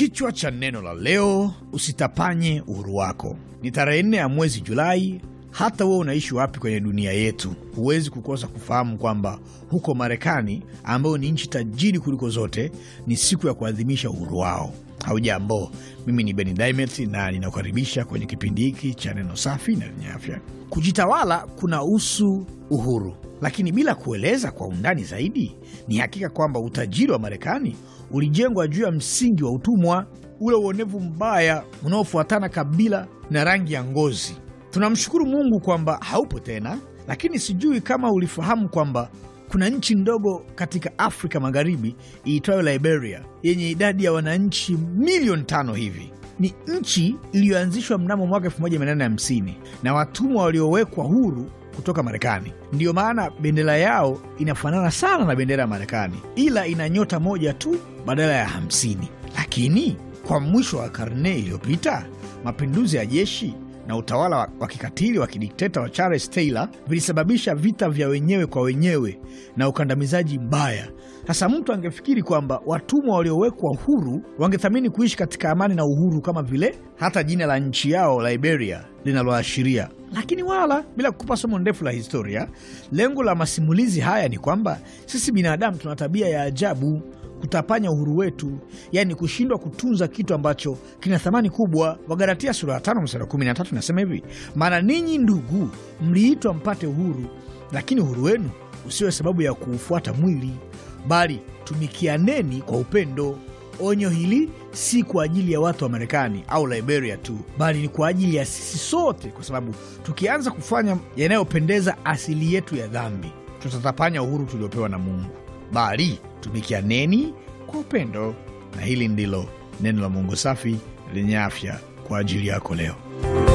Kichwa cha neno la leo, usitapanye uhuru wako. Ni tarehe nne ya mwezi Julai. Hata wewe unaishi wapi kwenye dunia yetu, huwezi kukosa kufahamu kwamba huko Marekani, ambayo ni nchi tajiri kuliko zote, ni siku ya kuadhimisha uhuru wao. Haujambo, mimi ni Beni Dimet na ninakukaribisha kwenye kipindi hiki cha neno safi na lenye afya. Kujitawala kuna usu uhuru lakini bila kueleza kwa undani zaidi, ni hakika kwamba utajiri wa Marekani ulijengwa juu ya msingi wa utumwa, ule uonevu mbaya unaofuatana kabila na rangi ya ngozi. Tunamshukuru Mungu kwamba haupo tena, lakini sijui kama ulifahamu kwamba kuna nchi ndogo katika Afrika Magharibi iitwayo Liberia yenye idadi ya wananchi milioni tano hivi. Ni nchi iliyoanzishwa mnamo mwaka 1850 na watumwa waliowekwa huru kutoka Marekani. Ndiyo maana bendera yao inafanana sana na bendera ya Marekani, ila ina nyota moja tu badala ya hamsini. Lakini kwa mwisho wa karne iliyopita, mapinduzi ya jeshi na utawala wa kikatili wa kidikteta wa Charles Taylor vilisababisha vita vya wenyewe kwa wenyewe na ukandamizaji mbaya. Sasa mtu angefikiri kwamba watumwa waliowekwa huru wangethamini kuishi katika amani na uhuru kama vile hata jina la nchi yao Liberia linaloashiria, lakini wala. Bila kukupa somo ndefu la historia, lengo la masimulizi haya ni kwamba sisi binadamu tuna tabia ya ajabu kutapanya uhuru wetu, yaani kushindwa kutunza kitu ambacho kina thamani kubwa. Wagalatia sura ya tano mstari kumi na tatu nasema hivi, maana ninyi ndugu, mliitwa mpate uhuru, lakini uhuru wenu usiwe sababu ya kuufuata mwili, bali tumikianeni kwa upendo. Onyo hili si kwa ajili ya watu wa Marekani au Liberia tu, bali ni kwa ajili ya sisi sote, kwa sababu tukianza kufanya yanayopendeza asili yetu ya dhambi, tutatapanya uhuru tuliopewa na Mungu, bali tumikianeni kwa upendo na hili ndilo neno la mungu safi lenye afya kwa ajili yako leo